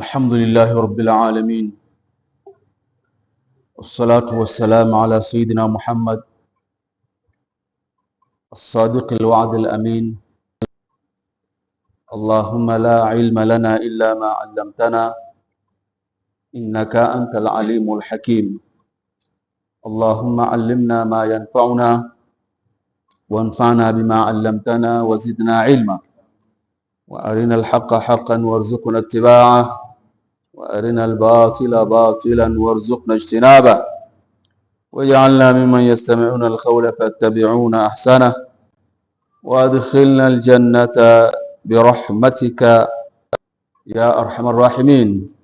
الحمد لله رب العالمين والصلاة والسلام على سيدنا محمد الصادق الوعد الأمين اللهم لا علم لنا إلا ما علمتنا إنك أنت العليم الحكيم اللهم علمنا ما ينفعنا وانفعنا بما علمتنا وزدنا علما وأرنا الحق حقا وارزقنا اتباعه وأرنا الباطل باطلا وارزقنا اجتنابه واجعلنا ممن يستمعون القول فاتبعون أحسنه وأدخلنا الجنة برحمتك يا أرحم الراحمين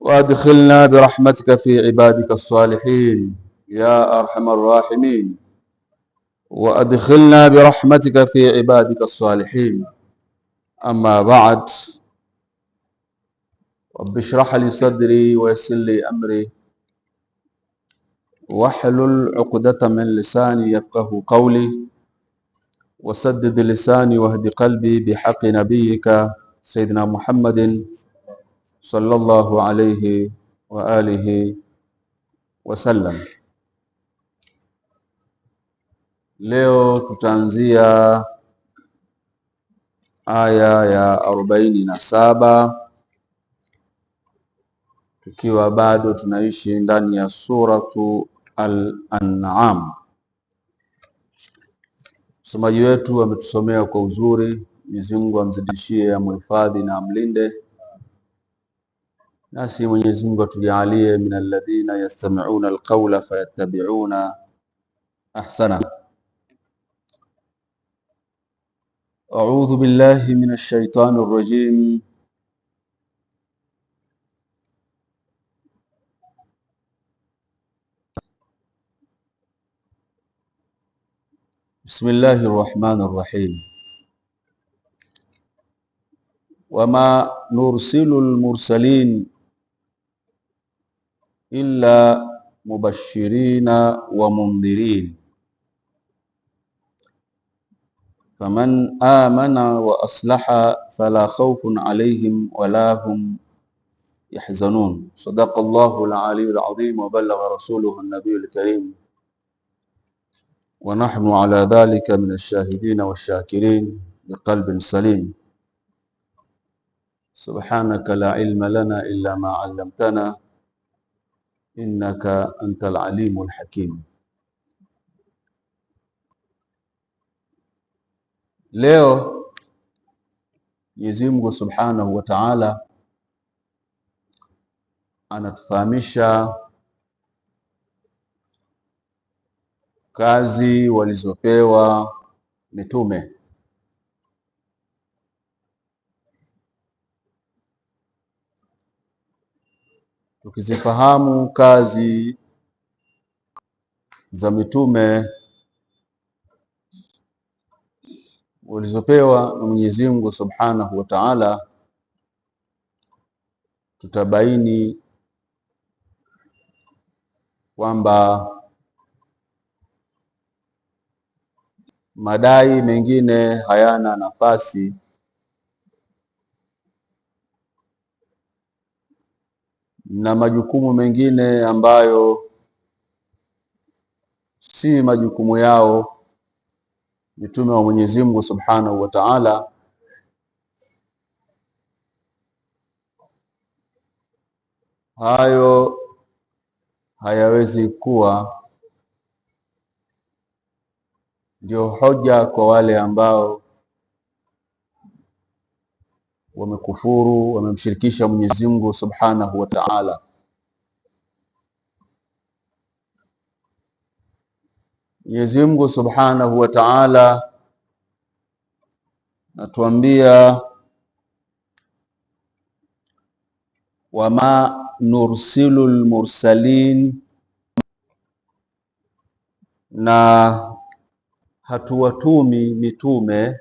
وأدخلنا برحمتك في عبادك الصالحين يا أرحم الراحمين وأدخلنا برحمتك في عبادك الصالحين أما بعد رب اشرح لي صدري ويسر لي أمري واحلل عقدة من لساني يفقه قولي وسدد لساني واهد قلبي بحق نبيك سيدنا محمد صلى الله عليه وآله وسلم Leo tutaanzia aya ya arobaini na saba Tukiwa bado tunaishi ndani ya suratu Al-An'am. Msomaji wetu ametusomea kwa uzuri. Mwenyezi Mungu amzidishie, amhifadhi na amlinde, nasi Mwenyezi Mungu atujalie min alladhina yastami'una alqawla fayattabi'una ahsana. A'udhu billahi minash shaitani rrajim بسم الله الرحمن الرحيم وما نرسل المرسلين إلا مبشرين ومنذرين فمن آمن وأصلح فلا خوف عليهم ولا هم يحزنون صدق الله العلي العظيم وبلغ رسوله النبي الكريم ونحن على ذلك من الشاهدين والشاكرين بقلب سليم سبحانك لا علم لنا إلا ما علمتنا إنك أنت العليم الحكيم Leo Mwenyezi Mungu Subhanahu wa Ta'ala anatufahamisha kazi walizopewa mitume. Tukizifahamu kazi za mitume walizopewa na Mwenyezi Mungu Subhanahu wa Ta'ala, tutabaini kwamba madai mengine hayana nafasi na majukumu mengine ambayo si majukumu yao mitume wa Mwenyezi Mungu Subhanahu wa Ta'ala hayo hayawezi kuwa ndio hoja kwa wale ambao wamekufuru, wamemshirikisha Mwenyezi Mungu Subhanahu wa Ta'ala. Mwenyezi Mungu Subhanahu wa Ta'ala natuambia, wama nursilu lmursalin na hatuwatumi mitume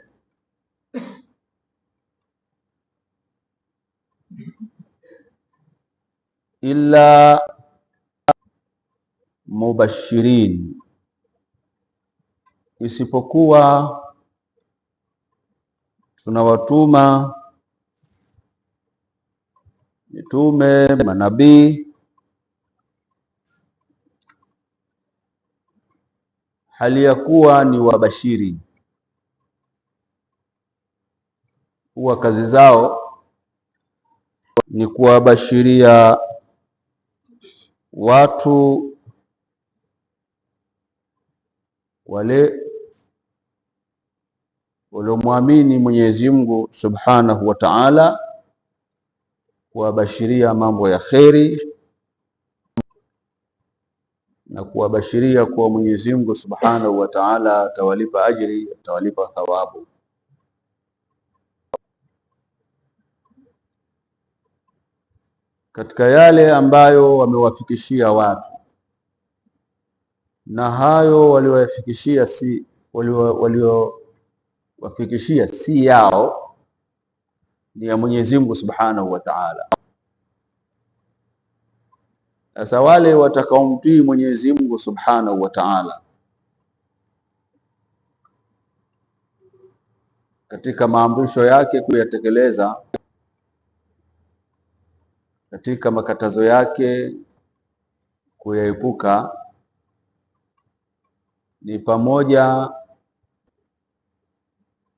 illa mubashirin, isipokuwa tunawatuma mitume manabii hali ya kuwa ni wabashiri. Huwa kazi zao ni kuwabashiria watu wale waliomwamini Mwenyezi Mungu Subhanahu wa Ta'ala, kuwabashiria mambo ya kheri na kuwabashiria kuwa Mwenyezi Mungu Subhanahu wa Ta'ala atawalipa ajiri, atawalipa thawabu. Katika yale ambayo wamewafikishia watu na hayo waliowafikishia si waliowafikishia si yao, ni ya Mwenyezi Mungu Subhanahu wa Ta'ala. Sasa wale watakaomtii Mwenyezi Mungu Subhanahu wa Ta'ala katika maamrisho yake kuyatekeleza, katika makatazo yake kuyaepuka, ni pamoja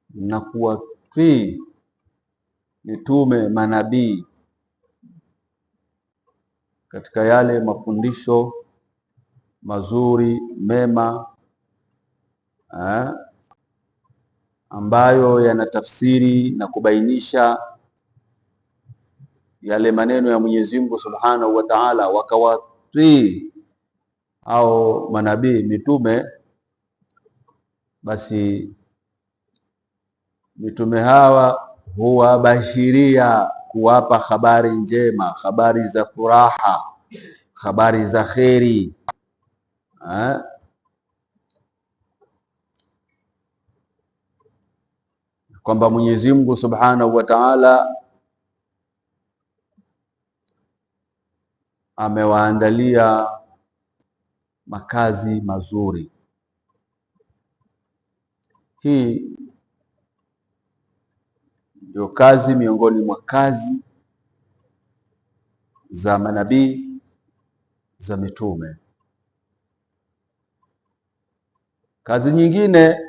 na kuwatii mitume, manabii katika yale mafundisho mazuri mema eh, ambayo yanatafsiri na kubainisha yale maneno ya Mwenyezi Mungu Subhanahu wa Ta'ala, wakawatii au manabii mitume, basi mitume hawa huwabashiria kuwapa habari njema, habari za furaha, habari za kheri ha? kwamba Mwenyezi Mungu Subhanahu wa Ta'ala amewaandalia makazi mazuri. Hii ndio kazi miongoni mwa kazi za manabii za mitume. Kazi nyingine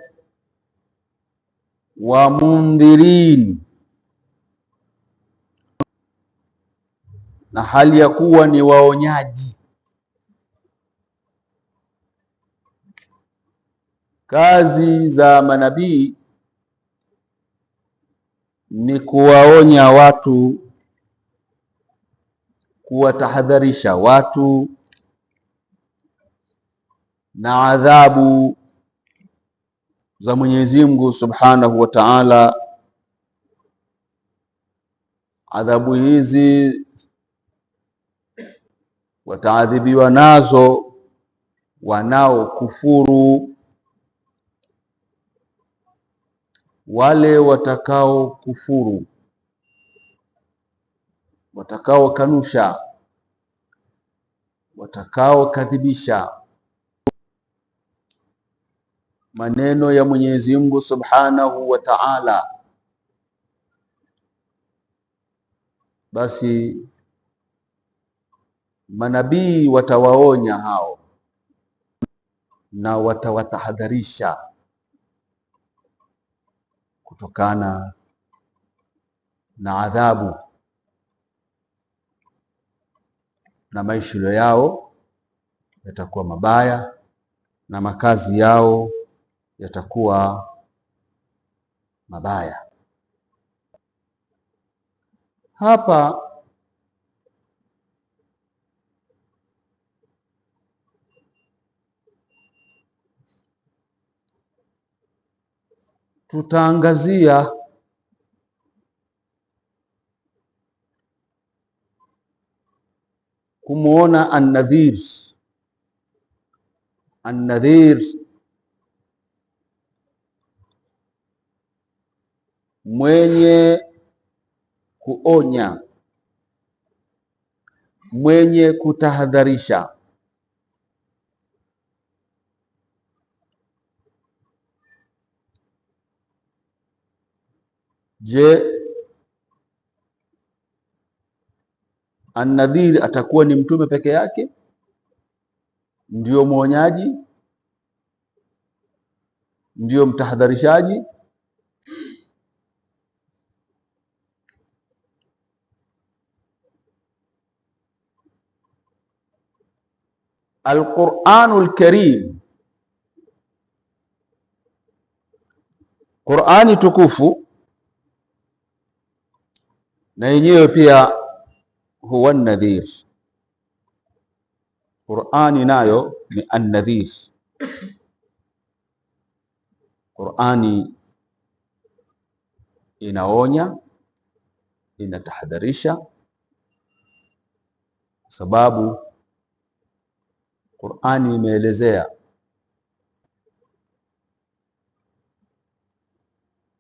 wa mundhirin, na hali ya kuwa ni waonyaji. Kazi za manabii ni kuwaonya watu, kuwatahadharisha watu na adhabu za Mwenyezi Mungu Subhanahu wa Ta'ala. Adhabu hizi wataadhibiwa nazo wanaokufuru wale watakao kufuru, watakao kanusha, watakao kadhibisha maneno ya Mwenyezi Mungu Subhanahu wa Ta'ala, basi manabii watawaonya hao na watawatahadharisha kutokana na adhabu na maisha yao yatakuwa mabaya na makazi yao yatakuwa mabaya. Hapa tutaangazia kumwona Annadhir. Annadhir mwenye kuonya, mwenye kutahadharisha. Je, An-Nadhir atakuwa ni mtume peke yake ndio mwonyaji, ndio mtahadharishaji? Al-Quranul Karim, Qurani tukufu na yenyewe pia huwa nadhir. Qur'ani nayo ni annadhir Qur'ani inaonya, inatahadharisha, kwa sababu Qur'ani imeelezea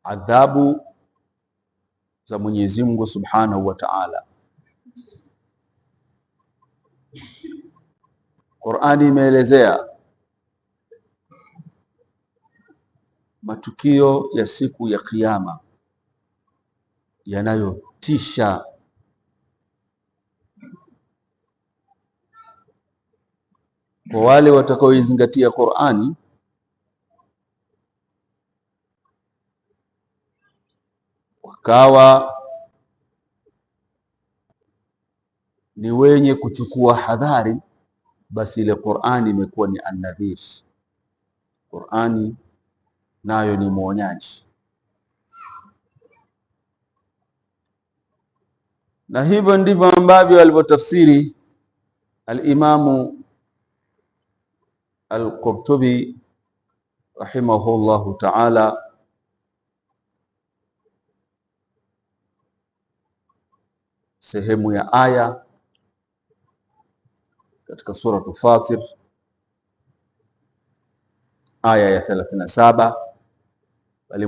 adhabu za Mwenyezi Mungu Subhanahu wa Ta'ala. Qur'ani imeelezea matukio ya siku ya Kiyama yanayotisha kwa wale watakaoizingatia Qur'ani. tukawa ni wenye kuchukua hadhari, basi ile Qur'ani imekuwa ni annadhir. Qur'ani nayo ni mwonyaji, na hivyo ndivyo ambavyo alivyotafsiri Alimamu Alqurtubi rahimahullahu ta'ala sehemu ya aya katika Suratu Fatir aya ya 37 na saba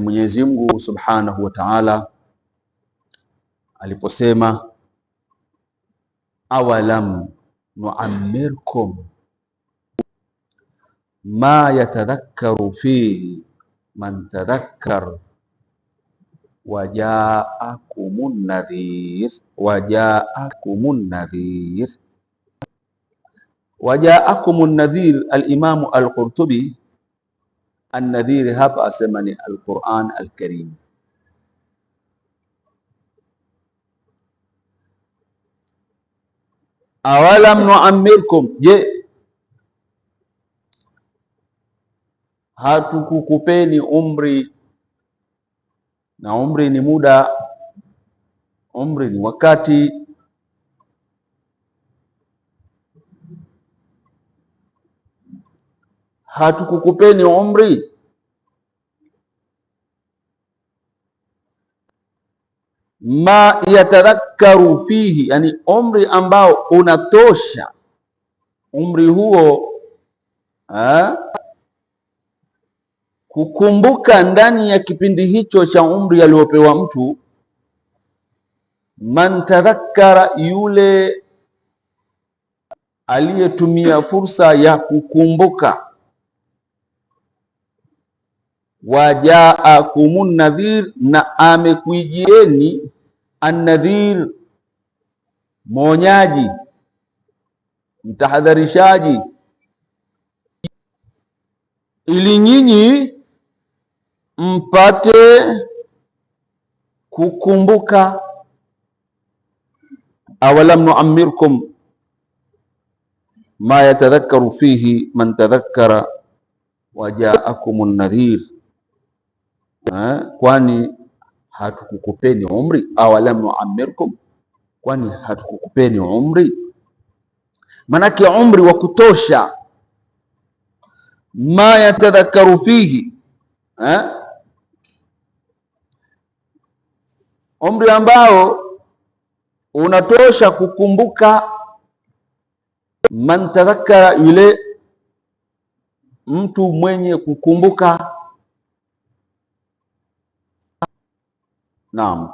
Mwenyezi Mungu Subhanahu wa Ta'ala aliposema awalam nuammirkum ma yatadhakkaru fihi man tadhakkar وجاءكم النذير وجاءكم النذير وجاءكم النذير الإمام القرطبي النذير هب أسمني القرآن الكريم أولم نعمركم هاتو hatukukupeni أمري na umri ni muda, umri ni wakati hatukukupeni umri, ma yatadhakaru fihi, yani umri ambao unatosha umri huo ha? Eh, kukumbuka ndani ya kipindi hicho cha umri aliyopewa mtu, man tadhakkara, yule aliyetumia fursa ya kukumbuka, wajaakumun nadhir, na amekuijieni annadhir, mwonyaji, mtahadharishaji, ili nyinyi mpate kukumbuka. Awalam nuammirkum ma yatadhakkaru fihi man tadhakkara wajaakum nadhir, kwani hatukukupeni umri? Awalam nuammirkum, kwani hatukukupeni umri? Manake umri wa kutosha, ma yatadhakkaru fihi umri ambao unatosha kukumbuka. Man tadhakara, yule mtu mwenye kukumbuka. Naam,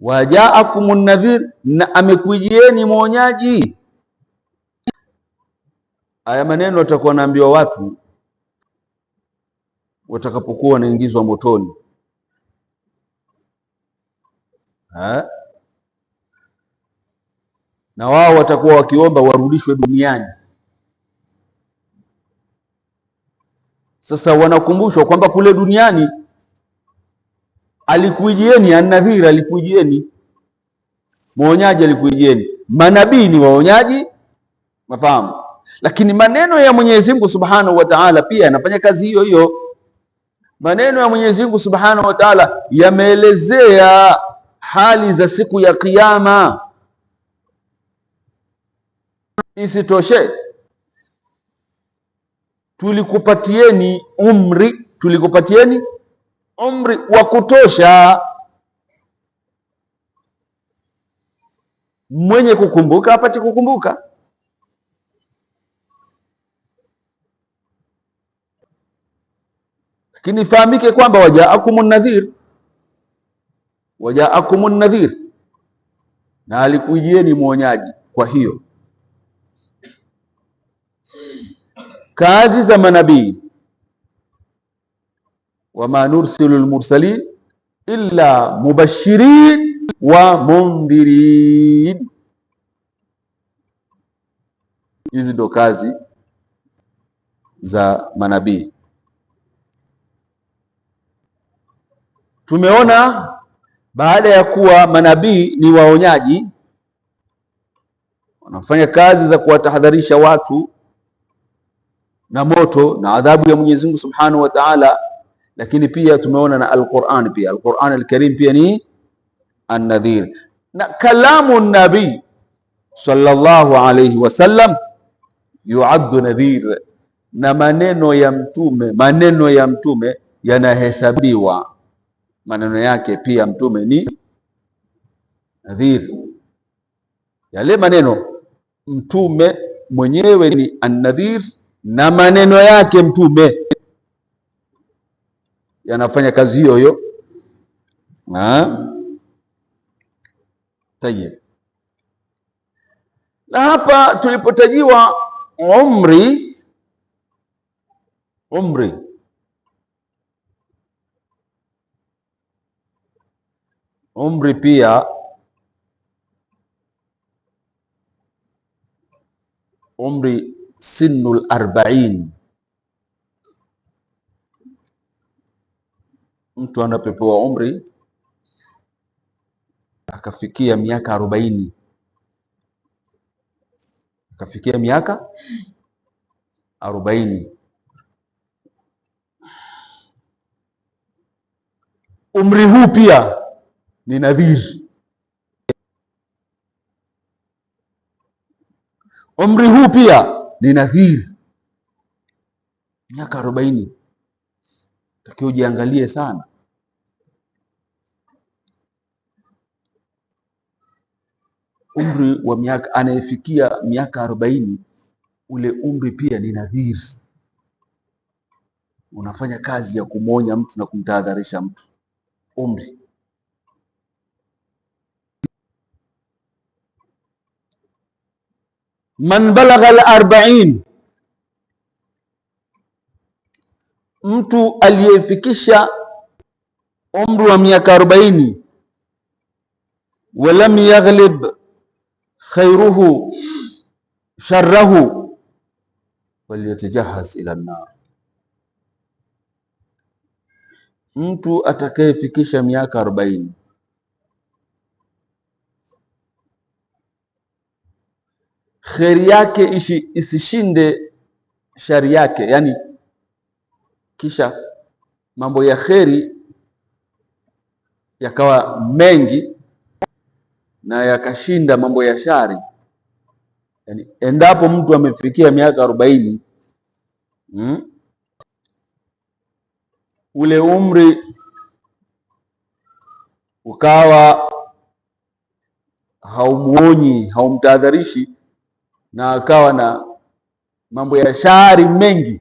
wajaakumun nadhir, na amekujieni mwonyaji. Haya maneno watakuwa naambiwa watu watakapokuwa wanaingizwa motoni. na wao watakuwa wakiomba warudishwe duniani. Sasa wanakumbushwa kwamba kule duniani alikuijieni annadhiri, alikuijieni mwonyaji, alikuijieni manabii, ni waonyaji, mafahamu. Lakini maneno ya Mwenyezi Mungu Subhanahu wa Ta'ala pia yanafanya kazi hiyo hiyo. Maneno ya Mwenyezi Mungu Subhanahu wa Ta'ala yameelezea hali za siku ya Kiyama. Isitoshe, tulikupatieni umri, tulikupatieni umri wa kutosha mwenye kukumbuka apate kukumbuka. Lakini fahamike kwamba wajaakumun nadhir wajaakum nadhir, na alikujieni mwonyaji. Kwa hiyo kazi za manabii, wama nursilu lmursalin illa mubashirin wa mundhirin, hizi ndo kazi za manabii. Tumeona baada ya kuwa manabii ni waonyaji, wanafanya kazi za kuwatahadharisha watu na moto na adhabu ya Mwenyezi Mungu Subhanahu wa Ta'ala, lakini pia tumeona na Al-Qur'an, pia Al-Qur'an Al-Karim pia ni an-nadhir, na kalamu nabii sallallahu alayhi wasallam yuaddu nadhir, na maneno ya mtume maneno ya mtume yanahesabiwa maneno yake pia mtume ni nadhiri. Yale maneno mtume mwenyewe ni annadhir, na maneno yake mtume yanafanya kazi hiyo hiyo. Tayeb, na hapa tulipotajiwa umri umri Umri pia umri sinu larbain mtu anapepewa umri akafikia miaka arobaini akafikia miaka arobaini. Umri huu pia ni nadhiri. Umri huu pia ni nadhiri, miaka arobaini. Takiwa ujiangalie sana. Umri wa miaka anayefikia miaka arobaini, ule umri pia ni nadhiri unafanya kazi ya kumwonya mtu na kumtahadharisha mtu. Umri man balagha al-arba'in, mtu aliyefikisha umri wa miaka arobaini. Walam yaghlib khairuhu sharrahu walyatajahaz ila an-nar, mtu atakayefikisha miaka arobaini kheri yake ishi, isishinde shari yake, yani kisha mambo ya kheri yakawa mengi na yakashinda mambo ya shari. Yani endapo mtu amefikia miaka arobaini hmm? ule umri ukawa haumuonyi haumtahadharishi na akawa na mambo ya shari mengi,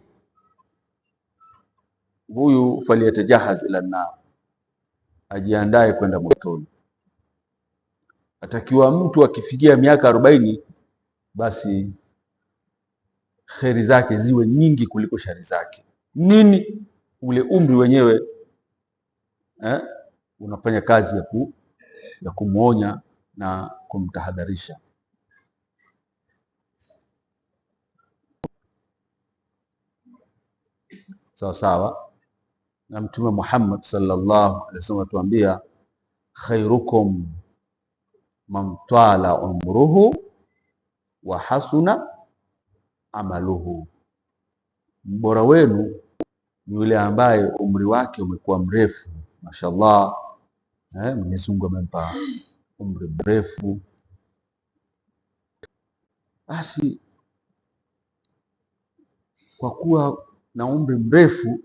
huyu falyatajahaz ila nar, ajiandae kwenda motoni. Atakiwa mtu akifikia miaka arobaini, basi kheri zake ziwe nyingi kuliko shari zake. Nini? Ule umri wenyewe eh, unafanya kazi ya, ku, ya kumwonya na kumtahadharisha. sawa sawa, na Mtume Muhammad sallallahu alaihi wasallam atuambia khairukum man tala umruhu wa hasuna amaluhu, mbora wenu ni yule ambaye umri wake umekuwa mrefu. Mashallah, eh, Mwenyezi Mungu amempa umri mrefu. Basi kwa kuwa na umri mrefu,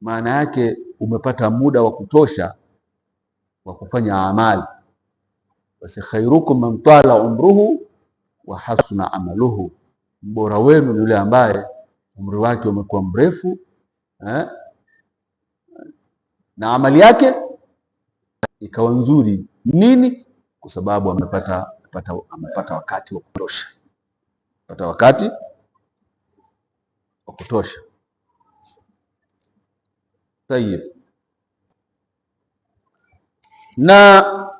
maana yake umepata muda wa kutosha wa kufanya amali. Basi khairukum man tala umruhu wa hasuna amaluhu, mbora wenu ni yule ambaye umri wake umekuwa mrefu eh, na amali yake ikawa nzuri. Nini? Kwa sababu amepata amepata wakati wa kutosha, pata wakati wa kutosha. Tayib. Na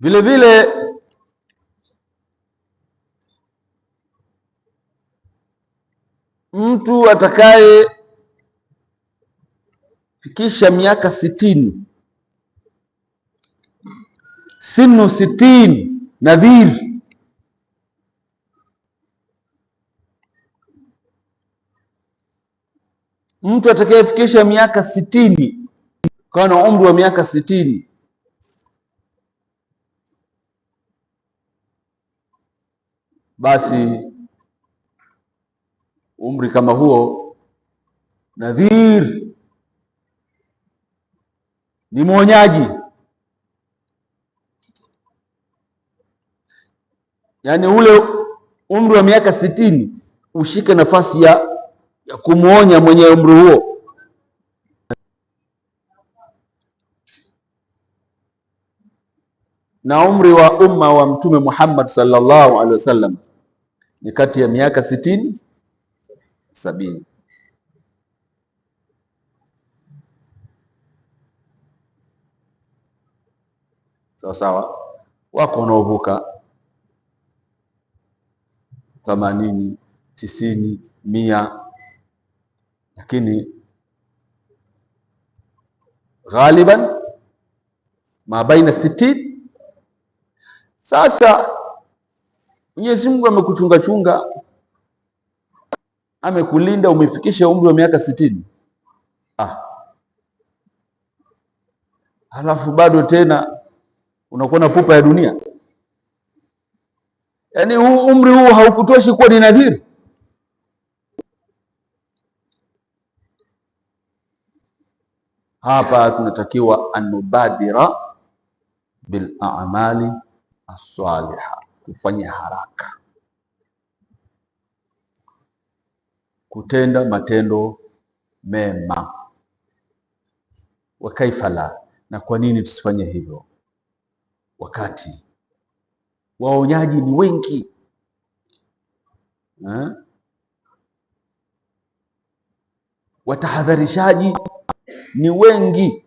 vile vile mtu atakaye fikisha miaka sitini sinu sitini nadhiri mtu atakayefikisha miaka sitini kawa na umri wa miaka sitini basi umri kama huo nadhiri ni mwonyaji yani ule umri wa miaka sitini ushike nafasi ya, ya kumwonya mwenye umri huo. Na umri wa umma wa Mtume Muhammad sallallahu alaihi wasallam ni kati ya miaka sitini sabini. Sawa sawa, wako wanaovuka themanini, tisini, mia, lakini ghaliban ma baina sitini. Sasa Mwenyezi Mungu amekuchunga chunga, amekulinda, umefikisha umri wa miaka sitini, ah, halafu bado tena unakuwa na pupa ya dunia. Yaani huu umri huu haukutoshi kuwa ni nadhiri. Hapa tunatakiwa anubadira bil a'mali as-saliha, kufanya haraka kutenda matendo mema. Wa kaifa la, na kwa nini tusifanye hivyo wakati waonyaji ni wengi ha? watahadharishaji ni wengi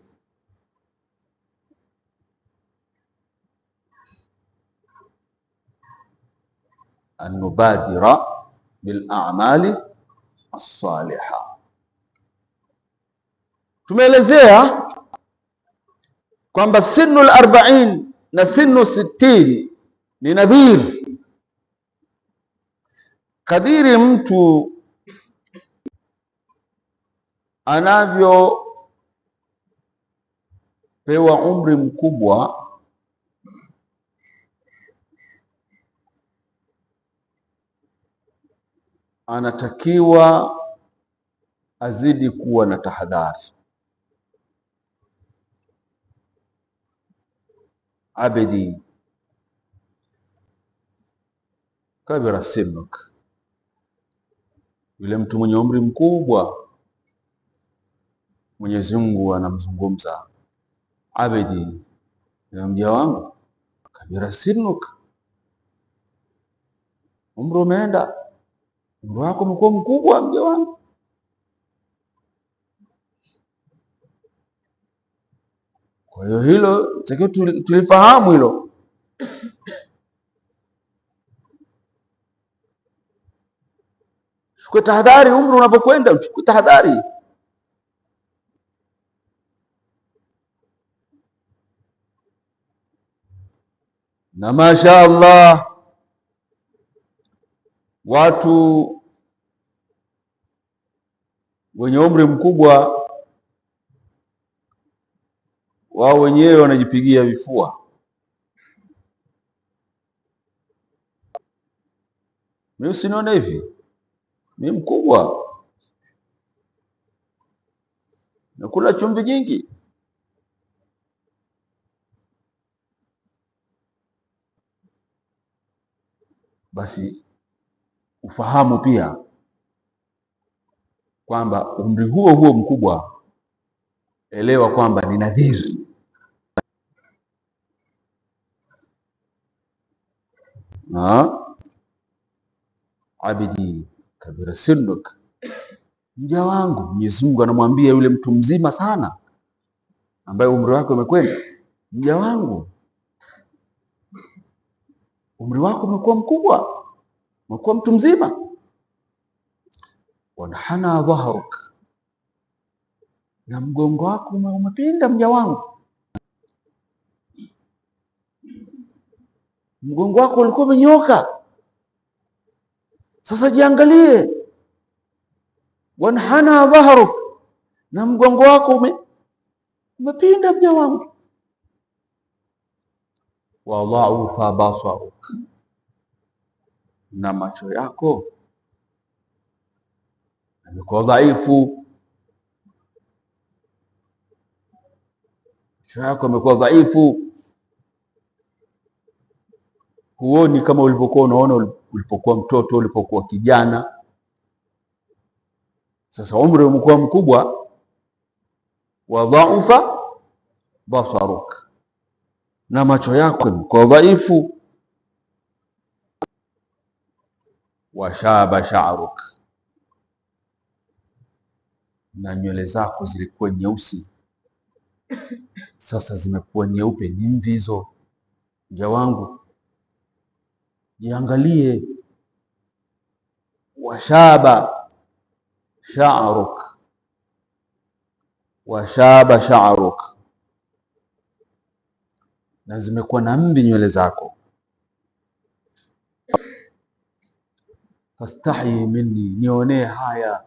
anubadhira bilamali alsaliha. Tumeelezea kwamba sinu larbain na sinu sitini ni nadhir. Kadiri mtu anavyopewa umri mkubwa, anatakiwa azidi kuwa na tahadhari. Abedi kabira sinuk, yule mtu mwenye umri mkubwa, Mwenyezi Mungu anamzungumza abidi, na mja wangu kabira sinuk, umri umeenda, umri wako umekuwa mkubwa, mja wangu Kwa hiyo hilo takiwa tulifahamu hilo Chukua tahadhari, umri unapokwenda uchukue tahadhari. Na masha Allah watu wenye umri mkubwa wao wenyewe wanajipigia vifua. Mimi usinione hivi ni mkubwa, kula chumvi nyingi. Basi ufahamu pia kwamba umri huo huo mkubwa, elewa kwamba ni nadhiri na abidi kabira sinuk mja wangu. Mwenyezi Mungu anamwambia yule mtu mzima sana ambaye umri wake umekwenda, mja wangu, umri wako umekuwa mkubwa, umekuwa mtu mzima. wanhana dhahruk, na mgongo wako umepinda, mja wangu. Mgongo wako ulikuwa umenyoka sasa jiangalie, wanhana dhahruk, na mgongo wako ume, umepinda mja wangu. Wadhaufa basaruk, na macho yako amekuwa dhaifu. Macho yako amekuwa dhaifu, huoni kama ulivyokuwa unaona ulipokuwa mtoto, ulipokuwa kijana. Sasa umri umekuwa mkubwa, wa basaruk, na macho yako yamekuwa dhaifu, washaba sha'ruk, na nywele zako zilikuwa nyeusi, sasa zimekuwa nyeupe. Ni mvi hizo, mja wangu jiangalie. Washaba sha'ruk, washaba sha'ruk, na zimekuwa na mvi nywele zako. Fastahi minni, nionee haya.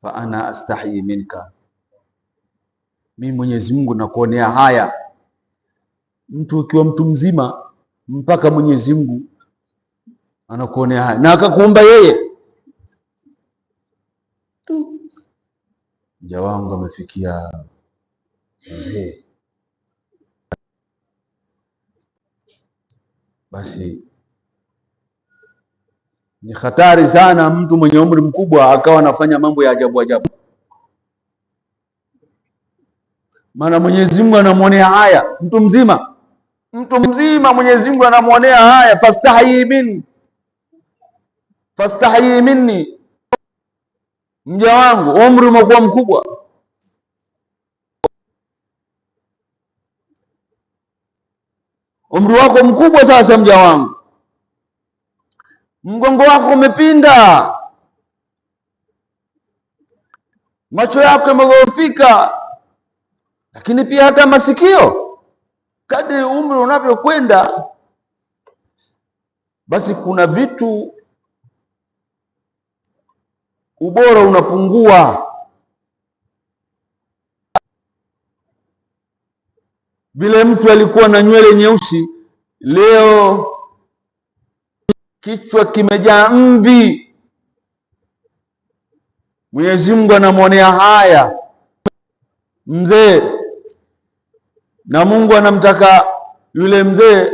Fa ana astahi minka, mimi Mwenyezi Mungu nakuonea haya. Mtu ukiwa mtu mzima mpaka Mwenyezi Mungu anakuonea haya na akakuumba yeye Mja wangu amefikia mzee, basi ni hatari sana mtu mwenye umri mkubwa akawa anafanya mambo ya ajabu ajabu, maana Mwenyezi Mungu anamwonea haya mtu mzima mtu mzima Mwenyezi Mungu anamwonea haya, fastahi min fastahi minni, mja wangu, umri umekuwa mkubwa, umri wako mkubwa sasa, mja wangu, mgongo wako umepinda, macho yako yamegofika, lakini pia hata masikio kadri umri unavyokwenda, basi kuna vitu ubora unapungua, vile mtu alikuwa na nywele nyeusi, leo kichwa kimejaa mvi. Mwenyezi Mungu anamwonea haya mzee na Mungu anamtaka yule mzee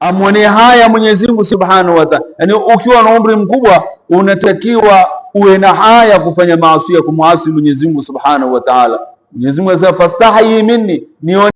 amwonee haya Mwenyezi Mungu Subhanahu wa Ta'ala. Yaani ukiwa na umri mkubwa unatakiwa uwe na haya kufanya maasi ya kumwasi Mwenyezi Mungu Subhanahu wa Ta'ala. Mwenyezi Mungu anasema fastahi minni, nione